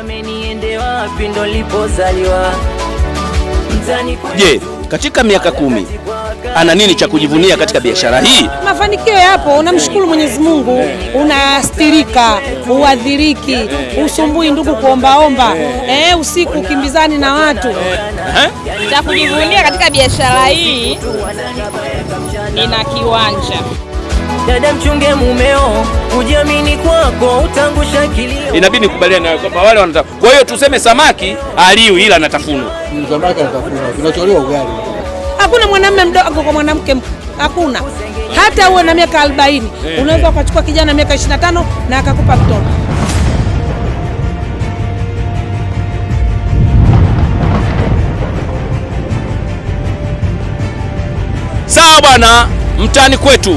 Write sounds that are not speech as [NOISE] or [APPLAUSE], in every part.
ameniende wapi ndo lipozaliwa. Je, katika miaka kumi ana nini cha kujivunia katika biashara hii? Mafanikio yapo, unamshukuru Mwenyezi Mungu, unastirika, uadhiriki, usumbui ndugu kuombaomba, eh, usiku ukimbizani na watu. Cha kujivunia katika biashara hii, nina kiwanja dada, mchunge mumeo, ujiamini kwako utangusha kilio. Inabidi nikubaliane nayo kwamba wale wanata, Kwa hiyo tuseme samaki aliu, ila anatafunwa. Mm, samaki anatafunwa, kinacholiwa ugali. Hakuna mwanamume mdogo kwa mwanamke, hakuna hata uwe na miaka 40 hey, eh, unaweza eh. ukachukua hey, kijana miaka 25 na akakupa mtoto. Sawa bwana, mtaani kwetu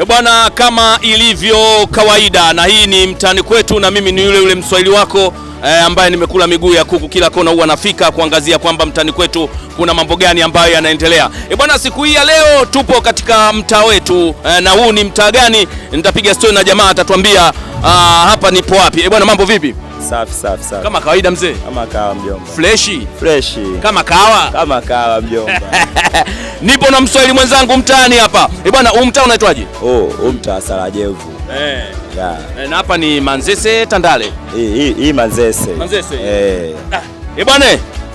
E bwana, kama ilivyo kawaida, na hii ni mtaani kwetu, na mimi ni yule yule mswahili wako e, ambaye nimekula miguu ya kuku kila kona, huwa nafika kuangazia kwamba mtani kwetu kuna mambo gani ambayo yanaendelea. E bwana, siku hii ya leo tupo katika mtaa wetu e, na huu ni mtaa gani? Nitapiga stori na jamaa atatuambia ah, hapa nipo wapi. E bwana, mambo vipi? Safi safi safi. Kama kawaida mzee. Kama kawa mjomba. Freshi. Freshi. Kama kawa. Kama kawa mjomba. [LAUGHS] Nipo na Mswahili mwenzangu mtaani hapa. Eh, bwana, huu mtaa unaitwaje? Oh, huu mtaa Sarajevu. Eh. Ya. Yeah. na hapa ni Manzese Tandale. Hii hii Manzese. Manzese. Eh. Ah. Eh bwana,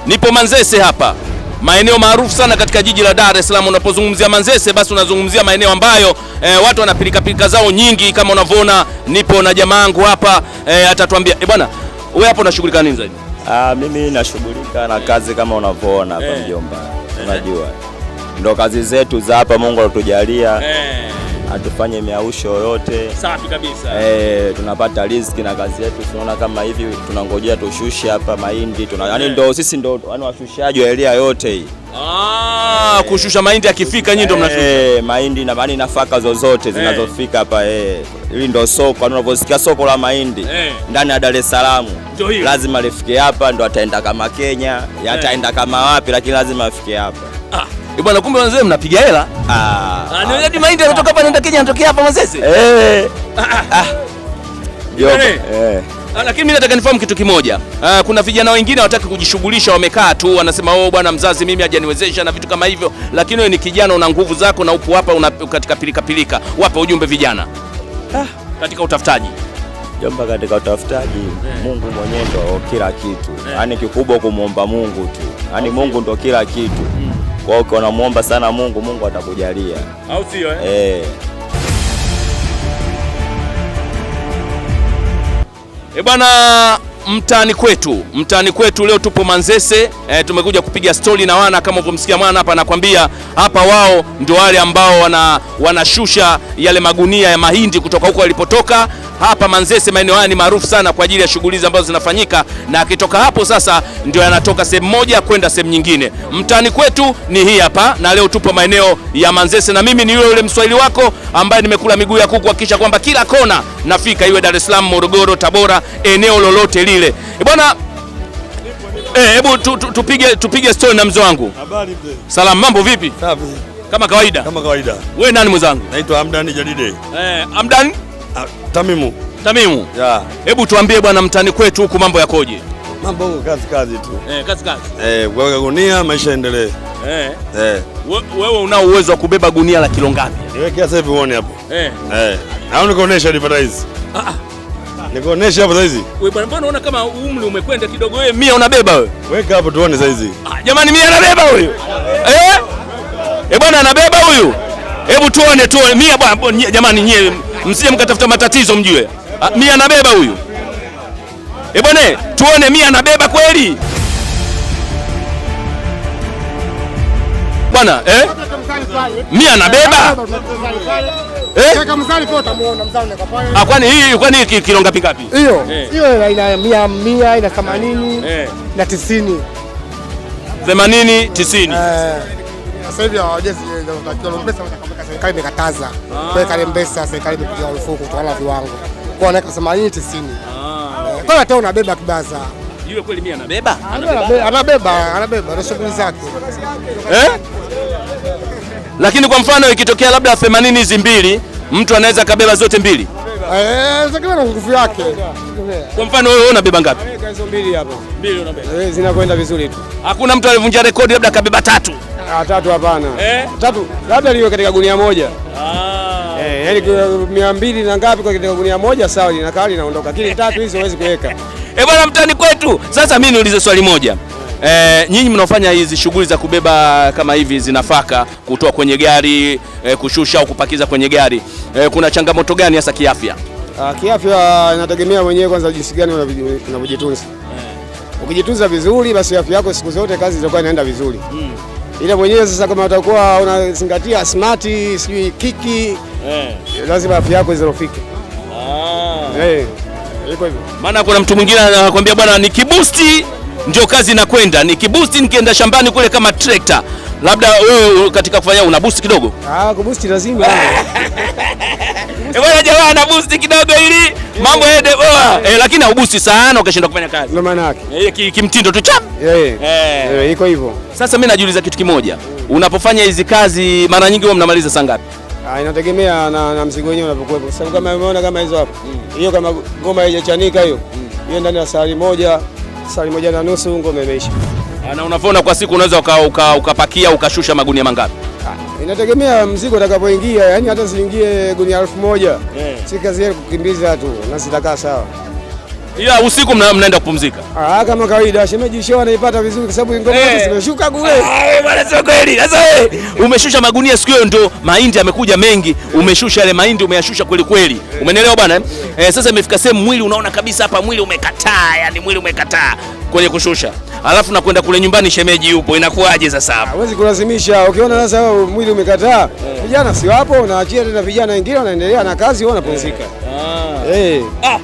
nipo Manzese hapa maeneo maarufu sana katika jiji la Dar es Salaam. Unapozungumzia Manzese, basi unazungumzia maeneo ambayo e, watu wanapilika pilika zao nyingi. Kama unavyoona nipo na jamaa yangu hapa e, atatuambia e, bwana wewe hapo unashughulika nini zaidi? Ah, mimi nashughulika na kazi kama unavyoona hapa mjomba, unajua ndo kazi zetu za hapa Mungu alitujalia atufanye miausho yoyote. Safi kabisa. Eh, tunapata riziki na kazi yetu, tunaona kama hivi tunangojea tushushe hapa mahindi tuna, yeah. Yani eh. ndo sisi ndo yani washushaji wa elia yote hii Ah, eh, kushusha mahindi akifika nyinyi ndo mnashusha. Eh, mahindi na maana nafaka zozote eh. zinazofika hapa eh. Hili ndo soko, unavyosikia soko la mahindi eh, ndani ya Dar es Salaam. Lazima lifike hapa ndo ataenda kama Kenya, yataenda eh. ataenda kama wapi lakini lazima afike hapa. Ah. Eh, bwana kumbe wazee mnapiga hela. Ah. ah ni yadi mahindi kutoka hapa naenda Kenya anatokea hapa Mazese. Eh. Ah. Yo. Ah, ah. Eh. Lakini mimi nataka nifahamu kitu kimoja. Ah, kuna vijana wengine hawataki kujishughulisha, wamekaa tu wanasema oh, bwana mzazi mimi hajaniwezesha na vitu kama hivyo, lakini wewe ni kijana una nguvu zako na upo hapa una katika pilika pilika. Wape ujumbe vijana. Ah, katika utafutaji. Jomba, katika utafutaji yeah. Mungu mwenyewe ndo kila kitu. Eh. Yaani yeah. Kikubwa kumwomba Mungu tu. Yaani okay. Mungu ndo kila kitu. Kwa hiyo unamuomba sana Mungu, Mungu atakujalia, au sio eh? E. E bwana, mtaani kwetu, mtaani kwetu leo tupo Manzese e, tumekuja kupiga stori na wana kama ulivyomsikia mwana hapa anakwambia, hapa wao ndio wale ambao wanashusha wana yale magunia ya mahindi kutoka huko walipotoka hapa Manzese, maeneo haya ni maarufu sana kwa ajili ya shughuli ambazo zinafanyika, na akitoka hapo sasa ndio anatoka sehemu moja kwenda sehemu nyingine. Mtaani kwetu ni hii hapa, na leo tupo maeneo ya Manzese, na mimi ni yule yule Mswahili wako ambaye nimekula miguu ya kuku kuhakikisha kwamba kila kona nafika, iwe Dar es Salaam, Morogoro, Tabora, eneo lolote lile eh, bwana. Eh, hebu tu, tu, tupige tupige story na mzee wangu. Habari mzee. Salamu, mambo vipi? Safi. Kama kawaida. Kama kawaida. Wewe nani mwenzangu? Naitwa Hamdani Jadide. Eh, Hamdani Ah, Tamimu. Tamimu. Ya. Hebu tuambie bwana, mtani kwetu huku mambo yakoje? Mambo huko kazi kazi tu. Eh, kazi kazi. Eh, weka gunia maisha endelee. Eh. Eh. Wewe unao uwezo wa kubeba gunia la kilo ngapi? Niweke sasa hivi uone hapo. Eh. Eh. Na unikuonesha advertise. Ah ah. Nikuonesha hapo sasa hivi. Wewe bwana, mbona unaona kama umri umekwenda kidogo wewe? Mia unabeba wewe. Weka hapo tuone sasa hizi. Ah, jamani mia anabeba huyu. Eh? Eh bwana anabeba huyu. Hebu tuone tuone mia bwana, jamani nyewe msije mkatafuta matatizo mjue mimi anabeba huyu. E bwana, tuone mimi anabeba kweli bwana eh? Mimi anabeba eh? Kwani hii kwani kilo ngapi ngapi hiyo? Hiyo ina mia mia ina themanini na tisini themanini tisini. Sasa hivi hawajezi pesa serikali imekataza ah. kuweka ile mbesa, serikali imepiga marufuku kutokana na viwango, kwa anaweka 80 tisini ah. eh, Kwa hata unabeba kibaza yule kweli mimi anabeba anabeba anabeba anabeba na shughuli zake eh? Lakini kwa mfano ikitokea labda 80 hizi mbili, mtu anaweza kabeba zote mbili eh, zakina na nguvu yake. Kwa mfano wewe unabeba ngapi? Mbili hapo, mbili unabeba, eh, zinakwenda vizuri tu, hakuna mtu alivunja rekodi labda kabeba tatu. Ah, tatu hapana. Eh? Tatu labda liwe katika gunia moja. Ah. Eh, yani mia mbili na ngapi kwa katika gunia moja sawa linakaa linaondoka. Lakini [LAUGHS] tatu hizo huwezi kuweka. [LAUGHS] Eh, bwana mtani kwetu. Sasa mimi niulize swali moja. Eh, nyinyi mnaofanya hizi shughuli za kubeba kama hivi zinafaka kutoa kwenye gari eh, kushusha au kupakiza kwenye gari eh, kuna changamoto gani hasa kiafya? Ah, kiafya inategemea mwenyewe kwanza jinsi gani unavyojitunza. Eh. Ukijitunza vizuri basi afya yako siku zote kazi zitakuwa inaenda vizuri. Hmm ila mwenyewe sasa, kama utakuwa unazingatia smart, sijui kiki eh, lazima afya yako izorofike. Ah. Eh. Iko hivyo. Maana kuna mtu mwingine anakuambia bwana, nikibusti ndio kazi inakwenda, nikibusti nikienda shambani kule kama trekta. Labda wewe uh, katika kufanya una boost kidogo? Ah, kubusti lazima. [LAUGHS] Eh bwana, jamaa ana boost kidogo ili mambo ya eh, lakini haubusi sana ukishinda kufanya kazi. Ndio maana yake. Eh, kimtindo tu chap. Eh, iko hivyo. Sasa mimi najiuliza kitu kimoja. Unapofanya hizi kazi mara nyingi huwa mnamaliza saa ngapi? Ah, inategemea na, na mzigo wenyewe unapokuwa. Sasa kama umeona kama hizo hapo. Mm. Hiyo kama ngoma haijachanika hiyo. Mm. Hiyo ndani ya saa moja, saa moja na nusu ngoma imeisha. Ah, na unavyoona kwa siku unaweza ukapakia uka, uka ukashusha magunia mangapi? Ah, Inategemea mzigo utakapoingia, yani hata ziingie gunia elfu moja yeah. Si kazi yake kukimbiza tu na zitakaa sawa. Ila usiku mnaenda kupumzika. Ah, kama kawaida shemeji show anaipata vizuri kwa sababu ngoma zote eh. zimeshuka kule. Ah, bwana sio kweli. Sasa wewe eh, umeshusha magunia siku hiyo ndio mahindi yamekuja mengi, umeshusha yale mahindi umeyashusha kweli kweli. Umenielewa bwana? Eh? eh, sasa imefika sehemu mwili unaona kabisa hapa mwili umekataa, yani mwili umekataa kwenye kushusha. Alafu nakwenda kule nyumbani shemeji yupo. Inakuwaje sasa hapa? Huwezi kulazimisha. Ukiona sasa mwili umekataa, vijana si wapo, unaachia tena vijana wengine wanaendelea na kazi wao wanapumzika. Ah. Eh. Ah.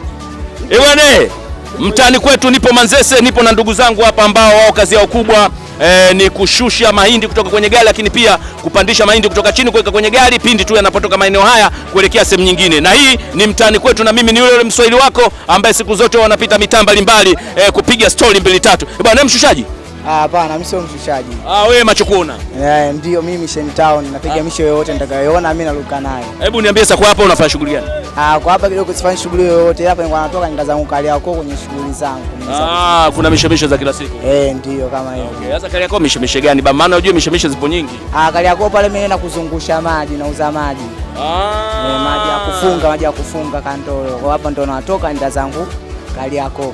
Ewane, mtaani kwetu nipo Manzese, nipo na ndugu zangu hapa ambao wao kazi yao kubwa E, ni kushusha mahindi kutoka kwenye gari lakini pia kupandisha mahindi kutoka chini kuweka kwenye gari pindi tu yanapotoka maeneo haya kuelekea sehemu nyingine. Na hii ni mtaani kwetu, na mimi ni yule yule Mswahili wako ambaye siku zote wanapita mitaa mbalimbali e, kupiga stori mbili tatu. bwana mshushaji Ah, hapana, mimi sio mshushaji. Ah, wewe macho kuona. Eh, ndio mimi Shen Town napiga ah. misho yoyote nitakayoona mimi naruka nayo. Hebu niambie sasa kwa hapa unafanya shughuli gani? Ah, kwa hapa kidogo sifanyi shughuli yoyote. Hapa niko natoka nika nikazangu Kariakoo kwenye shughuli zangu. Ah, kuna mishemisho za kila siku. Eh, ndio kama hiyo. Okay, sasa Kariakoo mishemisho gani? Ba maana unajua mishemisho zipo nyingi. Ah, yako pale mimi na kuzungusha maji na uza maji. Ah. Eh, maji ya kufunga, maji ya kufunga kando. Kwa hapa ndo natoka nitazangu Kariakoo.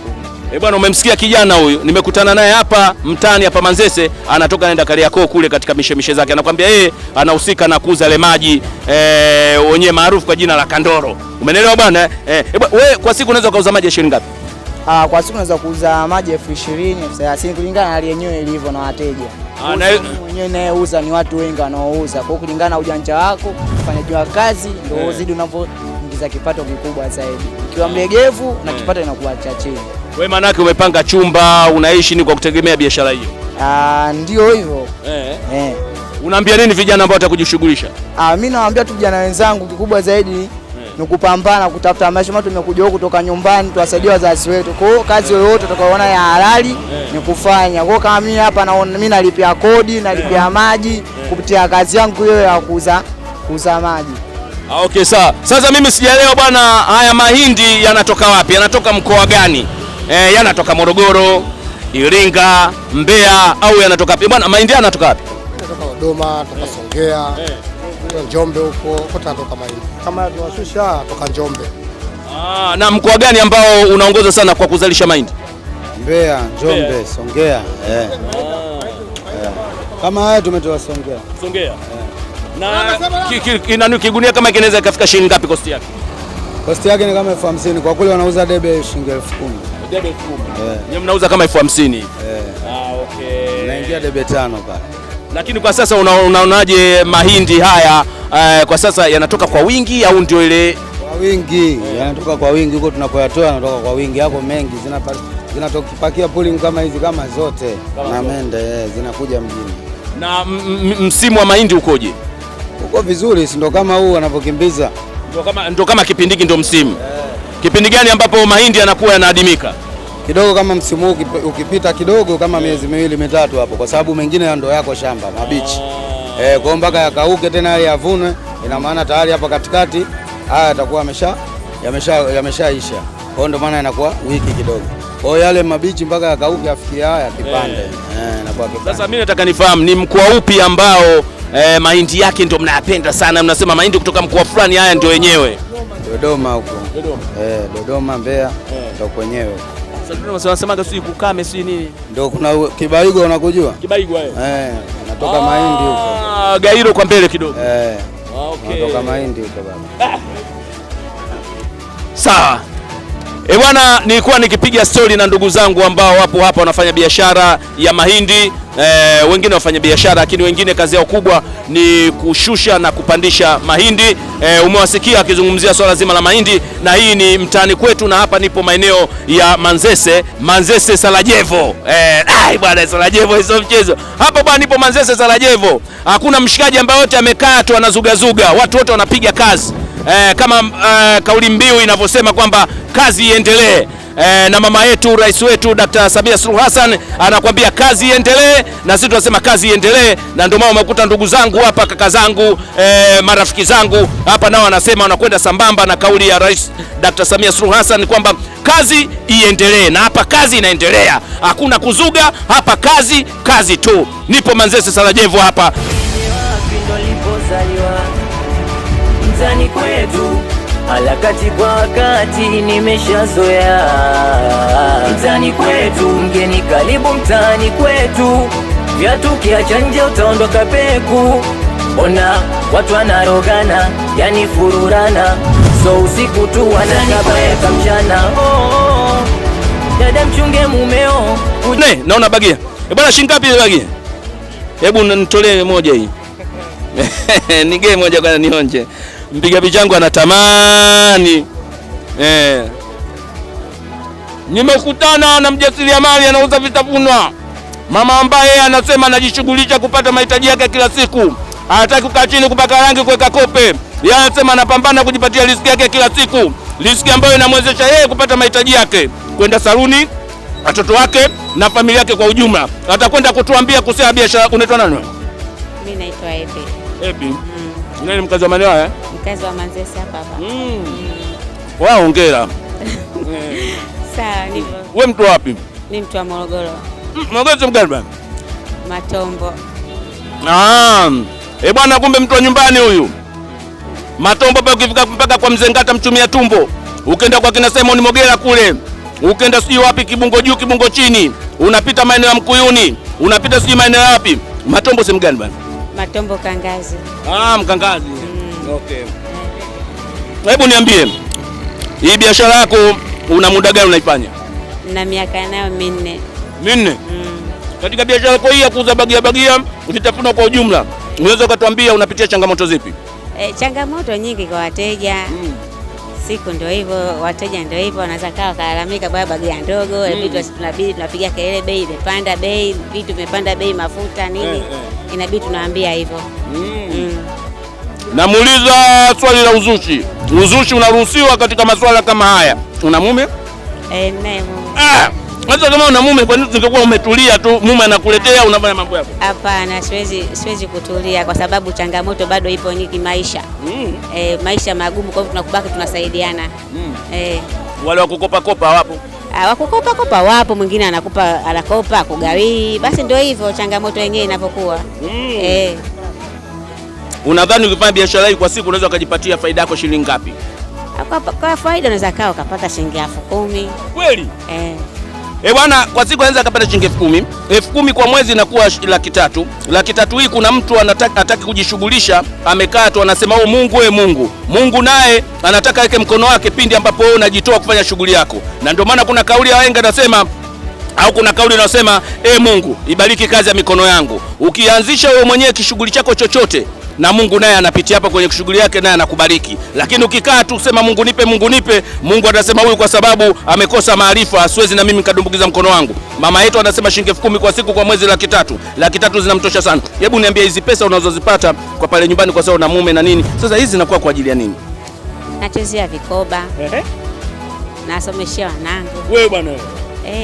E bwana umemsikia kijana huyu, nimekutana naye hapa mtaani hapa Manzese, anatoka naenda Kariakoo kule katika mishemishe zake, anakwambia yeye anahusika na kuuza ile maji e, wenyewe maarufu kwa jina la Kandoro. Umenelewa bwana? Eh, E, eh, wewe kwa siku unaweza kuuza maji shilingi ngapi? Ah, kwa siku unaweza kuuza maji elfu ishirini, elfu thelathini kulingana na hali yenyewe ilivyo na wateja. Ah, mwenyewe nayeuza ni watu wengi wanaouza, kwa kulingana na ujanja wako, ufanyaji wa kazi ndio uzidi unavyoingiza kipato kikubwa zaidi. Ukiwa ah. mlegevu na kipato inakuwa cha chini. Wewe manake umepanga chumba, unaishi ni kwa kutegemea biashara hiyo? Ah, ndio hivyo. Eh. Eh. Unaambia nini vijana ambao watakujishughulisha? Ah, mimi nawaambia tu vijana wenzangu kikubwa zaidi eh. ni kupambana kutafuta maisha, mtu tumekuja huko kutoka nyumbani, tuwasaidie wazazi wetu. Kwa hiyo kazi yoyote utakayoona ya halali eh. ni kufanya. Kwa hiyo kama mimi hapa naona mimi nalipia kodi, nalipia eh. maji kupitia kazi yangu hiyo ya kuuza kuuza maji. Ah, okay, sawa. Sasa mimi sijaelewa bwana, haya mahindi yanatoka wapi? Yanatoka mkoa gani? e, yanatoka Morogoro, Iringa, Mbeya au yanatoka wapi? Bwana mahindi yanatoka wapi? Yanatoka Dodoma, toka Songea, eh, Njombe huko, huko yanatoka mahindi. Kama tunashusha ah, toka Njombe. Ah, na mkoa gani ambao unaongoza sana kwa kuzalisha mahindi? Mbeya, Njombe, Songea. Eh. Ah. eh. Kama haya tumetoa Songea. Songea. Eh. Na inani kigunia kama kinaweza ikafika shilingi ngapi kosti yake? Kosti yake ni kama elfu hamsini kwa kule wanauza debe shilingi elfu kumi debe kumi. Yeah. Nyinyi mnauza kama elfu hamsini hivi. Yeah. Ah, okay. Naingia debe tano pale. Lakini kwa sasa unaonaje mahindi haya uh, kwa sasa yanatoka kwa wingi au ndio ile kwa wingi? Yanatoka kwa wingi huko tunapoyatoa yanatoka kwa wingi. Hapo mengi zinapakia pulling kama hizi kama zote kama na mende eh, zinakuja mjini. Na msimu wa mahindi ukoje? Uko vizuri, si ndo kama huu wanapokimbiza. Ndo kama, ndo kama kipindiki ndo msimu yeah. Kipindi gani ambapo mahindi yanakuwa yanaadimika? Kidogo kama msimu huu ukipita kidogo kama miezi miwili mitatu hapo, kwa sababu mengine ndo yako shamba mabichi ah. eh, kwa mpaka yakauke tena yavunwe, ina maana tayari hapa katikati haya yatakuwa yamesha yameshaisha, kwa ndo maana yanakuwa wiki kidogo kwa yale mabichi mpaka yakauke afikia haya kipande eh, eh kipande. Sasa mimi nataka nifahamu ni mkoa upi ambao eh, mahindi yake ndio mnayapenda sana, mnasema mahindi kutoka mkoa fulani haya ndio yenyewe? Dodoma huko Dodoma. Eh, Dodoma Mbeya eh. ndo kwenyewe. Sasa wanasema sijui kukame sijui nini. Ndio kuna Kibaigwa unakujua? Kibaigwa eh. Eh, natoka ah, mahindi huko. Ah, Gairo kwa mbele kidogo. Eh. Ah, okay. Natoka mahindi huko baba. Eh. Sawa. Eh, bwana nilikuwa nikipiga stori na ndugu zangu ambao wapo hapa wanafanya biashara ya mahindi e, wengine biashara lakini wengine kazi yao kubwa ni kushusha na kupandisha mahindi. E, umewasikia akizungumzia swala zima la mahindi, na hii ni mtaani kwetu, na hapa nipo maeneo ya Manzese, Manzese Sarajevo. E, eh, ai bwana Sarajevo hizo mchezo hapo bwana, nipo Manzese Sarajevo. Hakuna mshikaji ambaye wote amekaa tu anazugazuga, watu wote wanapiga kazi. e, kama e, kauli mbiu inavyosema kwamba kazi iendelee e, na mama yetu rais wetu Dkt. Samia Suluhu Hassan anakuambia kazi iendelee, na sisi tunasema kazi iendelee, na ndio maana umekuta ndugu zangu hapa, kaka zangu e, marafiki zangu hapa nao wanasema wanakwenda sambamba na kauli ya rais Dkt. Samia Suluhu Hassan kwamba kazi iendelee, na hapa kazi inaendelea, hakuna kuzuga hapa, kazi kazi tu. Nipo Manzese Sarajevo hapa mzani kwetu harakati kwa wakati, nimeshazoea mtani kwetu, mgeni karibu mtani kwetu, viatu kiacha nje utaondoka peku. Ona watu wanarogana, yani fururana, so usiku tu wanakabaeka mchana. Oh, dada mchunge mumeo. Ne, naona bagia e eh, bwana, shingapi ile bagia? Hebu nitolee moja hii [LAUGHS] nigee moja kwa nionje mpiga picha yangu anatamani eh. Nimekutana na mjasiriamali anauza vitafunwa, mama ambaye anasema anajishughulisha kupata mahitaji yake kila siku, anataki kukaa chini kupaka rangi, kuweka kope. Yeye anasema anapambana kujipatia riziki yake kila siku, riziki ambayo inamwezesha yeye kupata mahitaji yake, kwenda saluni, watoto wake na familia yake kwa ujumla. Atakwenda kutuambia kuhusu biashara. Unaitwa nani? Mimi naitwa Ebi. Ebi. Mm. Nani mkazi wa maeneo haya? Mkazi wa Manzese hapa hapa. Mm. Mm. Wao hongera. [LAUGHS] Eh. Sawa ndivyo. Wewe mtu wapi? Ni mtu wa Morogoro. Mm, Morogoro mgani bwana? Matombo. Ah. Eh, bwana kumbe mtu wa nyumbani huyu. Matombo pa ukifika mpaka kwa Mzengata Ngata mchumia tumbo. Ukenda kwa kina Simon Mogera kule. Ukenda sijui wapi Kibungo juu Kibungo chini. Unapita maeneo ya Mkuyuni. Unapita sijui maeneo wapi? Matombo sehemu gani bwana? Matombo Kangazi. Ah, Mkangazi. Mm. Okay. Hebu niambie hii biashara yako una muda gani unaifanya? Na miaka nayo minne. Minne? Mm. Katika biashara yako hii ya kuuza bagia bagia vitafunwa kwa ujumla, unaweza ukatuambia unapitia changamoto zipi? E, changamoto nyingi kwa wateja. Mm siku ndio hivyo, wateja ndio hivyo, wanaweza kaa wakalalamika, bwana ya ndogo, mm. inabidi tunabidi tunapiga kelele, bei imepanda, bei vitu vimepanda bei, mafuta nini, eh, eh. Inabidi tunaambia hivyo mm. mm. Namuuliza swali la uzushi. Uzushi unaruhusiwa katika masuala kama haya? Una mume? Eh, naye mume. Ah! Hata kama una mume, kwa nini ungekuwa umetulia tu, mume anakuletea unafanya mambo yako? Hapana, siwezi siwezi kutulia kwa sababu changamoto bado ipo nyingi maisha. Mm. E, maisha magumu, kwa hivyo tunakubaki tunasaidiana. Mm. E. Wale wa kukopa kopa wapo? Ah, wa kukopa kopa wapo, mwingine anakupa anakopa kugawii, basi ndio hivyo changamoto yenyewe inapokuwa. Mm. E. Unadhani ukifanya biashara hii kwa siku unaweza ukajipatia faida yako shilingi ngapi? Kwa, kwa faida unaweza kaa ukapata shilingi elfu kumi. Kweli? Eh. Eh bwana, kwa siku anaweza akapata shilingi elfu kumi elfu kumi kwa mwezi inakuwa laki tatu laki tatu hii, kuna mtu anataka ataki kujishughulisha, amekaa tu anasema oh, Mungu we Mungu. Mungu naye anataka aweke mkono wake pindi ambapo wewe unajitoa kufanya shughuli yako, na ndio maana kuna kauli ya wahenga nasema au kuna kauli inayosema e, eh, Mungu ibariki kazi ya mikono yangu. Ukianzisha wewe mwenyewe kishughuli chako chochote na Mungu naye anapitia hapa kwenye shughuli yake, naye anakubariki. Lakini ukikaa tu sema Mungu nipe, Mungu nipe, Mungu atasema huyu kwa sababu amekosa maarifa, siwezi na mimi nikadumbukiza mkono wangu. Mama yetu anasema shilingi elfu kumi kwa siku, kwa mwezi laki tatu. Laki tatu zinamtosha sana. Hebu niambie, hizi pesa unazozipata kwa pale nyumbani, kwa sababu na mume na nini, sasa hizi zinakuwa kwa ajili ya nini? Nachezea vikoba, ehe, nasomeshia wanangu. Wewe bwana wewe,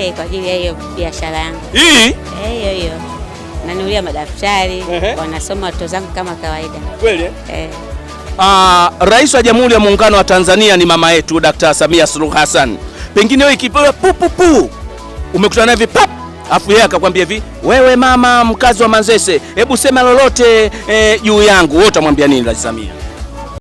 eh, kwa ajili ya hiyo biashara yangu hii, eh, hiyo hiyo nanulia madaftari wanasoma watoto zangu kama kawaida. Kweli eh? Uh, Rais wa Jamhuri ya Muungano wa Tanzania ni mama yetu Dr. Samia Suluhu Hassan. Pengine wewe ikipewa pupupu umekutana naye vipap, afu yeye akakwambia hivi, wewe mama mkazi wa Manzese, hebu sema lolote eh, juu eh, yangu, wewe utamwambia nini Rais Samia?